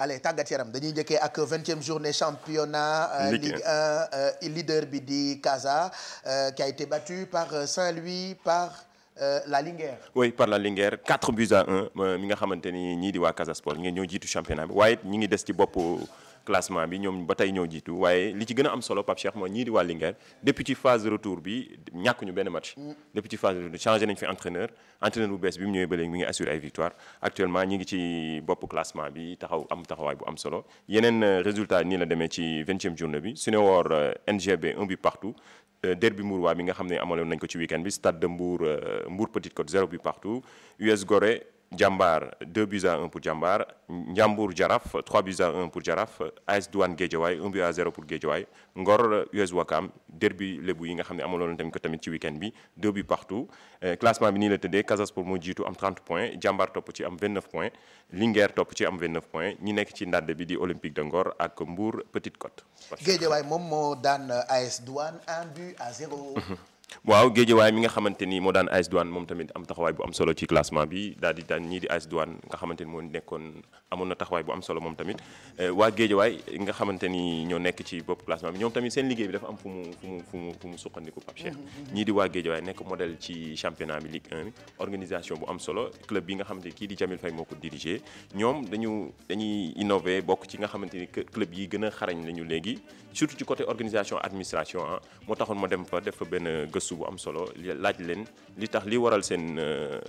allez tàggat yaram dañuy njëkkee ak vingtième journée championnat. Euh, Ligue 1 euh, leader bi di Casa euh, qui a été battu par Saint-Louis par. Euh, la Linguère. oui par la Linguère 4 buts à 1 mi nga xamante ni ñii di waa Casa Sport ñi ngi ñoo jiitu championnat bi waaye ñi ngi des ci bopp classement bi ñoom ba tey ñoo jiitu waaye li ci gën a am solo Pape Cheikh mooy ñii di waa depuis ci phase de retour bi ñàkk ñu benn match. Mm. depuis ci phase de retour changé nañ fi entraîneur entraîneur bu bees bi mu ñëwee ba léegi mi ngi assuré ay victoire actuellement ñi ngi ci bopp classement bi taxaw am taxawaay bu am solo yeneen euh, résultat nii la demee ci vingtième journée bi su ne woor euh, NGB un but partout. Euh, derby Mourois bi nga xam ne amaloon nañ ko ci week-end bi Stade de Mbour Mbour Petite Côte zéro but Diambar 2 buts à 1 pour Diambar Ndiambour Jaraaf 3 buts à 1 pour Jaraaf AS Douane Guédiawaye 1 but à 0 pour Guédiawaye Ngor US Ouakam derby lébu yi nga xam ne amaloon tamit ko tamit ci week-end bi 2 buts partout euh, classement bi nii la tëddee Casa Sport moo jiitu am 30 points Diambar topp ci am 29 points Linguère topp ci am 29 points ñi nekk ci ndàdd bi di Olympique de Ngor ak Mbour Petite Côte. Guédiawaye moom moo daan AS Douane waaw Guédiawaye mi nga xamante ni moo daan AS Douane moom tamit am taxawaay bu am solo ci classement bi daal daan ñii di AS Douane nga xamante moo nekkoon amoon na taxawaay bu am solo eh, ci bopp classement bi ñoom tamit seen liggéey bi dafa am fu mu fu mu fu mu mm-hmm. bi Ligue 1 bi club bi nga xamante ni kii di Jamil Faye moo ko dirigé ñoom dañu dañuy innové bokk ci nga xamante ni club yi gën a xarañ lañu léegi surtout ci côté organisation administration ah moo taxoon ma dem fa def fa benn subu am solo laaj leen li tax li waral seen euh,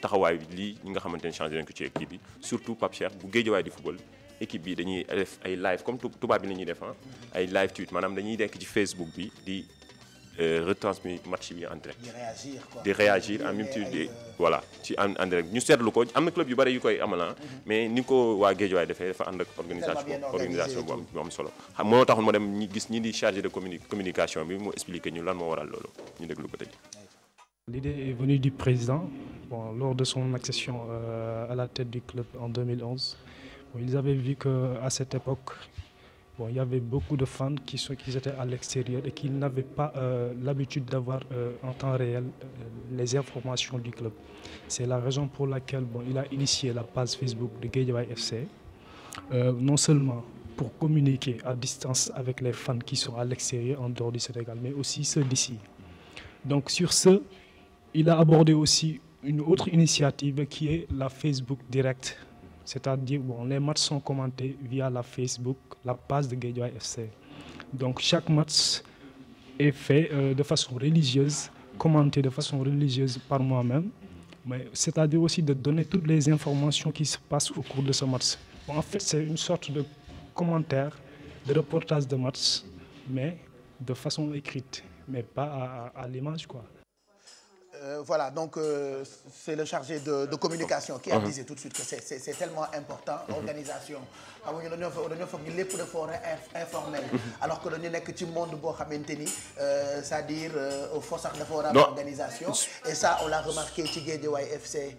taxawaay bi lii ñi nga xamante ne changé nañ ko ci équipe bi surtout Pape Cheikh bu Guédiawaye di football équipe bi dañuy def ay live comme tubaab bi la ñuy def ah. ay live tweet maanaam dañuy nekk ci Facebook bi di. Euh, retransmis match bi en direct. di réagir en même de euh. voilà ci en en direct ñu seetlu ko am na club yu bëri yu koy amal ah. mhm. mais ni ko waa Guédiawaye defee dafa ànd ak organisation organisation bu am bu am solo. moo taxoon ma dem ñi gis ñi di chargé de communi communication bi mu expliqué ñu lan moo waral loolu ñu déglu ko tey. L'idée est venue du président bon, lors de son accession euh, à la tête du club en 2011. Bon, ils avaient vu cette époque, Bon, il y beaucoup de fans qui, sont, qui étaient à l'extérieur et qui n'avaient pas euh, l'habitude d'avoir euh, en temps réel euh, les informations du club. C'est la raison pour laquelle bon, il a initié la page Facebook de Guédiawaye FC, non seulement pour communiquer à distance avec les fans qui sont à l'extérieur, en dehors du Sénégal, mais aussi ceux d'ici. Donc sur ce, il a abordé aussi une autre initiative qui est la Facebook Direct C'est-à-dire, bon, les matchs sont commentés via la Facebook, la page de Guédiois FC. Donc chaque match est fait euh, de façon religieuse, commenté de façon religieuse par moi-même, mais c'est-à-dire aussi de donner toutes les informations qui se passent au cours de ce match. Bon, en fait, c'est une sorte de commentaire, de reportage de match, mais de façon écrite, mais pas à, à, à l'image, quoi. Euh, voilà, donc euh, c'est le chargé de, de communication qui a dit tout de suite que c'est tellement important. organisation xam ah nga dañoo foog dañoo foog ñu lépp de forêt informel. alors que dañu nekk ci monde boo xamante ni euh, c'est-à-dire euh, foo sax dafa war a am organisation. et ça on l'a remarqué ci Guédiawaye FC.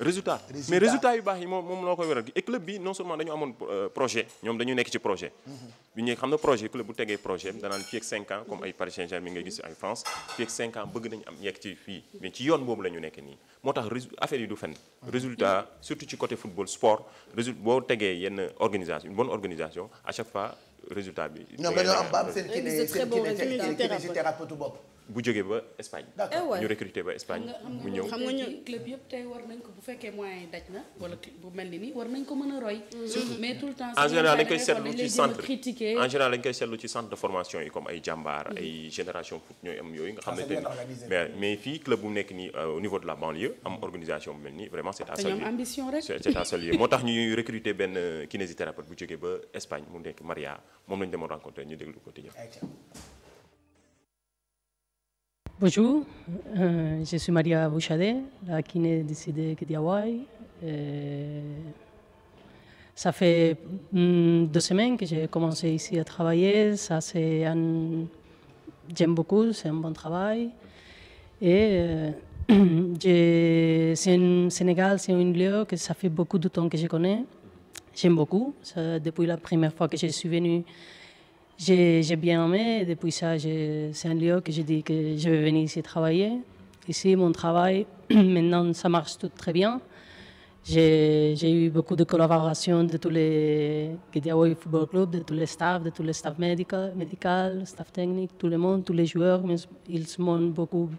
résultat mais résultat yu baax yi moom moom noo koy waral et club bi non seulement dañu amoon euh, projet ñoom dañu nekk ci projet mm-hmm. bi ñu xam ne projet club bu tegee projet danaan fii ak 5 ans comme ay Paris Saint-Germain mi ngay gis ay France fii ak 5 bëgg nañu am yegg ci fii mais ci yoon boobu la ñu nekk nii moo tax affaire yi du fenn mm-hmm. résultat surtout ci côté football sport résultat boo tegee yenn organisation une bonne organisation à chaque fois résultat bi ñoom dañoo am ba am seen kiné bu jógee ba Espagne. Eh ñu recruter ba Espagne. mu ñëw xam nga ñu club yëpp tey war nañ ko bu fekkee moyen yi daj na. wala bu mel nii war nañ ko mën a roy. Mm. mais tout le temps en général dañ koy seetlu ci centre de formation yi comme ay jàmbaar ay mm. génération foot ñooy am yooyu nga xam ne mais mais fii club bu nekk nii euh, au niveau de la banlieue am mm. organisation bu mel nii vraiment c'est à saluer. moo tax ñuy recruter benn euh, kinésithérapeute bu jógee ba Espagne mu moom lañ demoon rencontrer ñu déglu ko tëjee. Bonjour, euh, je suis Maria Bouchadet, la kiné décédée d'Hawaï. Euh, ça fait mm, deux semaines que j'ai commencé ici à travailler. c'est un... bon travail. Et euh, c'est un Sénégal, c'est un lieu que ça fait beaucoup de temps que je connais. J'aime beaucoup. depuis la première fois que je suis venue, J'ai ai bien aimé, et depuis ça, c'est un lieu que j'ai dit que je vais venir ici travailler. Ici, mon travail, maintenant, ça marche tout très bien. J'ai eu beaucoup de collaborations de tous les Gediaoui ah Football Club, de tous les staffs, de tous les staffs médicaux, médical, staff technique, tout le monde, tous les joueurs, ils m'ont beaucoup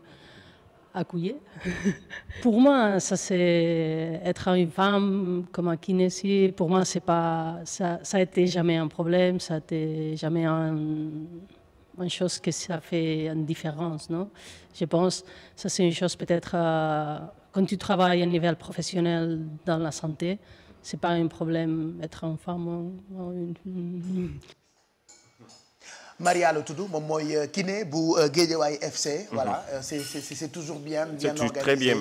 à couiller. pour moi, ça c'est être une femme comme un kinésie. Pour moi, c'est pas ça, ça a été jamais un problème, ça a été jamais un, une chose que ça fait une différence, non Je pense ça c'est une chose peut-être euh, quand tu travailles à niveau professionnel dans la santé, c'est pas un problème être une femme. Ou, ou une... Maria la tudd moom mooy euh, kiné bu euh, Guédiawaye FC. Mhm. voilà euh, c'est c'est c'est toujours bien. bien organisé très bien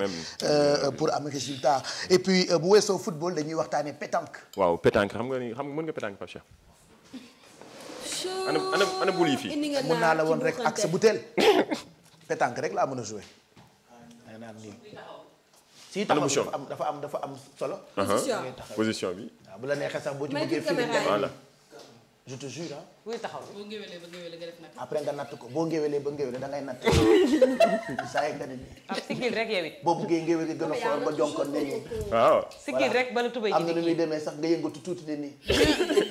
pour am résultat et puis bu weesoo football dañuy waxtaanee pétanque. waaw pétanque xam nga ni xam nga mën nga pétanque Pape Cheikh. ana ana ana bul yi fii. mën naa la woon rek ak bu butéel. pétanque rek laa mën a joué. si taxaw dafa am dafa am solo. position bi. waaw ah, bu la neexee sax boo ci bëggee fii voilà. je te jure ah. buy taxaw boo ngéwelee ba ngéwelee nga def natt. après nga natt ko boo ngéwelee ba ngéwelee da ngay natt. saa yeeg dañuy. am sigil rek yow it. boo buggee ngéwele gën a xool ba jonkoon ne nii. waaw sigil rek bala tubay ji am na lu muy demee sax nga yëngatu tuuti ne nii.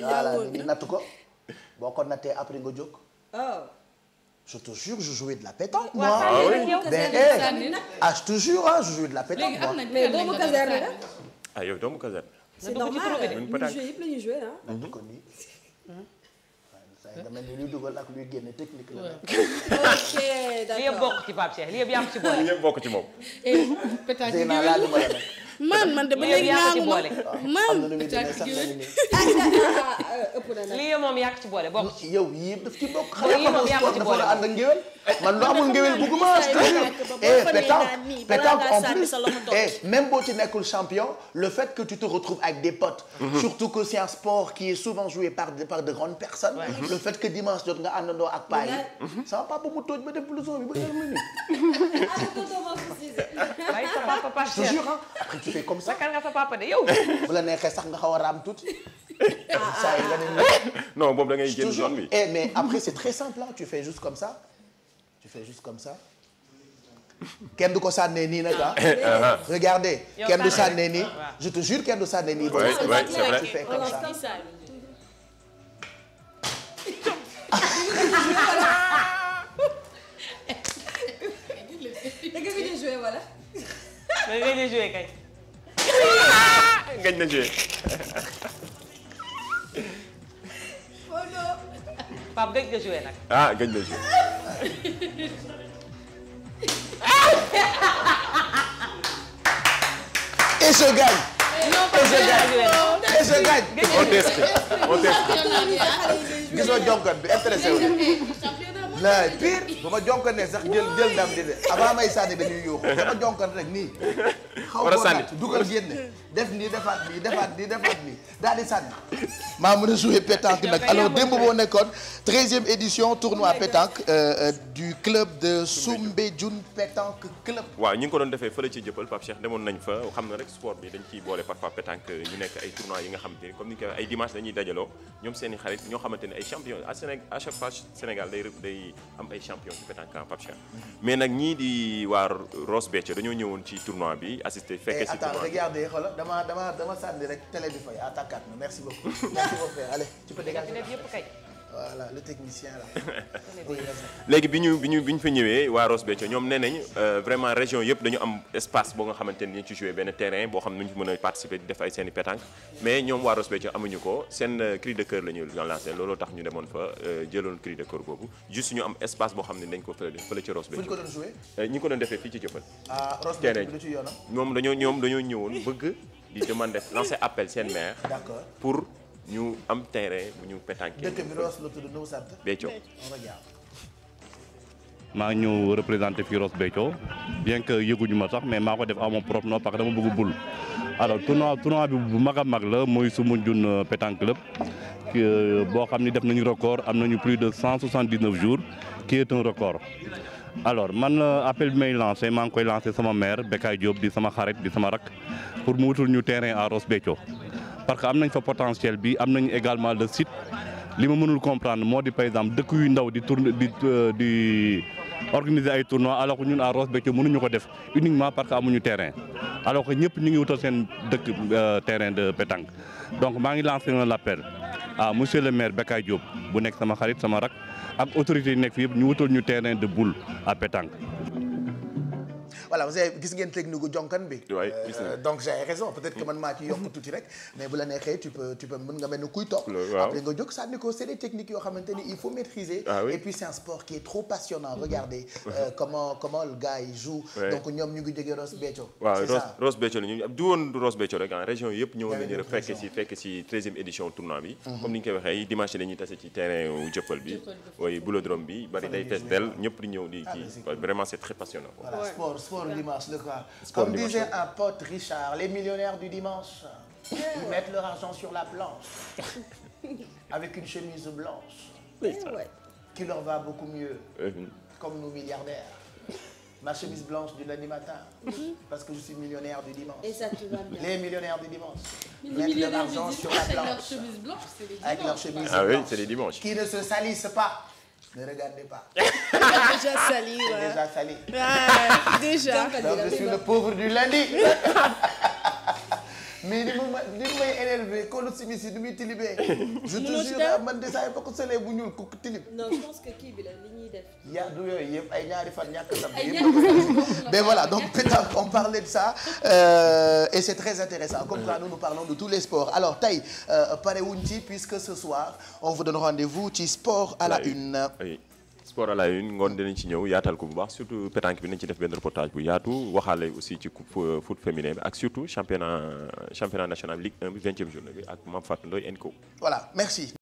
voilà ñu natt ko boo ko nattee après nga jóg. Oh. je te jure je jouais de la pétanque. moi ah oui mais eh ah je te jure ah je jouais de la pétanque moi. mais doomu caserne la. ah yow doomu caserne. c'est normal ñu joué yëpp la ñuy joué ah. natt ko nii. waaw nga mel ni luy dugal ak luy génne technique la. ok d'accord li yëpp bokk ci Pape Cheikh li yëpp yaa am ci boole. li yëpp bokk ci moom. Eh, pétanque bi man man de ba léegi ñaagu ma man ah, ah, ah, lii moom yàq ci boole bokk ci yow yii daf ci bokk xale yi moom yàq ci boole dafa ànd ak ngéwél man lu amul ngéwél bugguma eh pétanque pétanque en plus eh même boo ci nekkul champion le fait que tu te retrouves avec des potes mhm. surtout que c'est un sport qui est souvent joué par par de grandes personnes le fait que dimanche jot nga àndandoo ak paa yi mhm. ça va pas ba mu tóoj ba def blouson bi ba heure minute c'est comme ça sakkal nga sa papa de yow. bu la neexee sax nga xaw a raam tuuti. Ah, ah. saa yi nga ne non boobu da ngay génn zone bi. eh mais après c'est très simple ah tu fais juste comme ça tu fais juste comme ça. kenn du ko sànnee nii nag ah. ah regardez kenn du sànnee nii je te jure kenn du sànnee nii. oui oui c'est vrai tu fais comme ça. da nga gëj a joué wala. da nga gëj a gañ na joué. Pape gëj nga joué nag. ah gëj nga joué. et je gagne. et je gagne et je gagne. on teste on teste. gis nga jonkat bi intéressé wu laay pire ba ma jonkoon sax jël jël ndam di de avant may sànni dañuy yóoxu dama jonkoon rek nii xaw ko naat dugal génne def nii defaat nii defaat nii defaat nii daal di sànni maa mën a jouer pétanque nag alors démb boo nekkoon treizième édition tournoi pétanque euh, euh, du club de Soumbédioune pétanque club waaw ñu ngi doon defee fële ci jëppal Pape Cheikh demoon nañ fa xam na rek sport bi dañ ciy boole parfois pétanque ñu nekk ay tournois yi nga xamante ni comme ni ko ay dimanche dañuy dajaloo ñoo xamante ne ay champion di am ay champion ci pétanque en Pape Cheikh mais nag ñii di waa Ross Béthio dañoo ñëwoon ci tournoi bi assisté fekkee eh, si tournoi bi regardez xoolal dama dama dama sànni rek télé bi fay attaquaat na merci beaucoup merci beaucoup allez voilà le technicien là. léegi bi ñu bi ñu bi ñu fa ñëwee waa Ross Béthio ñoom nee nañ euh, vraiment région yëpp dañu am espace boo nga xamante ni ci jouer benn terrain boo xam ne ñu mën a participer di def ay seen i pétanque mais ñoom waa Ross Béthio amuñu ko seen euh, cri de cœur la ñu lancé looloo tax ñu demoon fa euh, jëloon cri de cœur boobu juste ñu am espace boo xam ne dañ ko fële fële ci Ross Béthio. fu ñu ko doon jouer ñi ko doon defee fii ci Jëppal. ah Ross Béthio bi lu ci ah. ñoom dañoo ñëwoon bëgg di demander lancer seen maire. d'accord ñu am terrain bu ñu pétanqué. dëkk bi Ross la tudd maa ngi représenté fii Ross bien que yëguñu ma sax mais maa ko def à mon propre nom parce dama bëgg bul alors tournoi tournoi bi bu mag a mag la mooy Soumoudioune euh, Pétanque Club euh, boo xam ni def nañu record am nañu plus de cent soixante dix neuf jours qui est record. alors man euh, appel bi may lancé maa ngi koy lancé sama maire Bekay Diop di sama xarit di sama rak pour mu wutul ñu terrain à Ross Béthio parce que am nañ fa potentiel bi am nañu également le site li ma mënul comprendre moo di par exemple dëkk yu ndaw di tourne di euh, di organiser ay tournois alors ñun à Ross mënuñu ko def uniquement parce que amuñu terrain alors que ñëpp ñu ngi wutal seen dëkk euh, terrain de pétanque donc maa ngi lancé un appel ah monsieur le maire Bekay Diop bu nekk sama xarit sama rak ak autorité yi nekk fi yëpp ñu wutal ñu terrain de boule à pétanque voilà vous avez gis ngeen technique jonkan bi. Euh, donc j'ai raison peut-être mm-hmm. man maa ci yokk tuuti rek. mais bu la neexee tu peux tu nga mel ni kuy toog. après nga jóg sànni ko c'est des techniques yoo xamante ni il faut maîtriser. Ah et puis c'est un sport qui est trop passionnant mm-hmm. regardez. Euh, comment comment le yi joue. donc ñoom ñu ngi jógee Ross Béthio. c'est ça waaw Ross Béthio la ñu du woon Ross Béthio rek en ah, région yëpp ñëwoon nañu fekk si treizième édition tournoi bi. Mm-hmm. comme ni ñu koy sport dimanche le quoi. Comme disait un pote Richard les millionnaires du dimanche. ils mettent leur argent sur la planche. avec une chemise blanche. qui leur va beaucoup mieux. Euh, comme nous milliardaires. ma chemise blanche du lundi matin. Mhm. parce que je suis millionnaire du dimanche. les millionnaires du dimanche. Ah qui ne se salissent pas. ne regardez pas. déjà sali, ouais. déjà sali. Ouais, déjà. Donc, je le pauvre du lundi. mais li ma li may énervé kóolu simis yi du muy tilibee. je te jure man de saa yu bokk soleil bu ñuul ku tilib. non je pense que kii bi la li ñuy def. yaa ay ñaari fan ñàkk a voilà donc on parlait de ça euh, et c'est très intéressant comme quoi nous nous parlons de tous les sports alors tey euh, pare wuñ ci puisque ce soir on vous donne rendez-vous ci sport à la une. sport à la une ngoon dinañ ci ñëw yaatal ko bu baax surtout pétanque bi nañ ci def benn reportage bu yaatu waxaale aussi ci coupe euh, foot féminin bi ak surtout championnat championnat national Ligue 1 bi 20 journée bi ak Mame Fatou Ndoye Nko. voilà merci.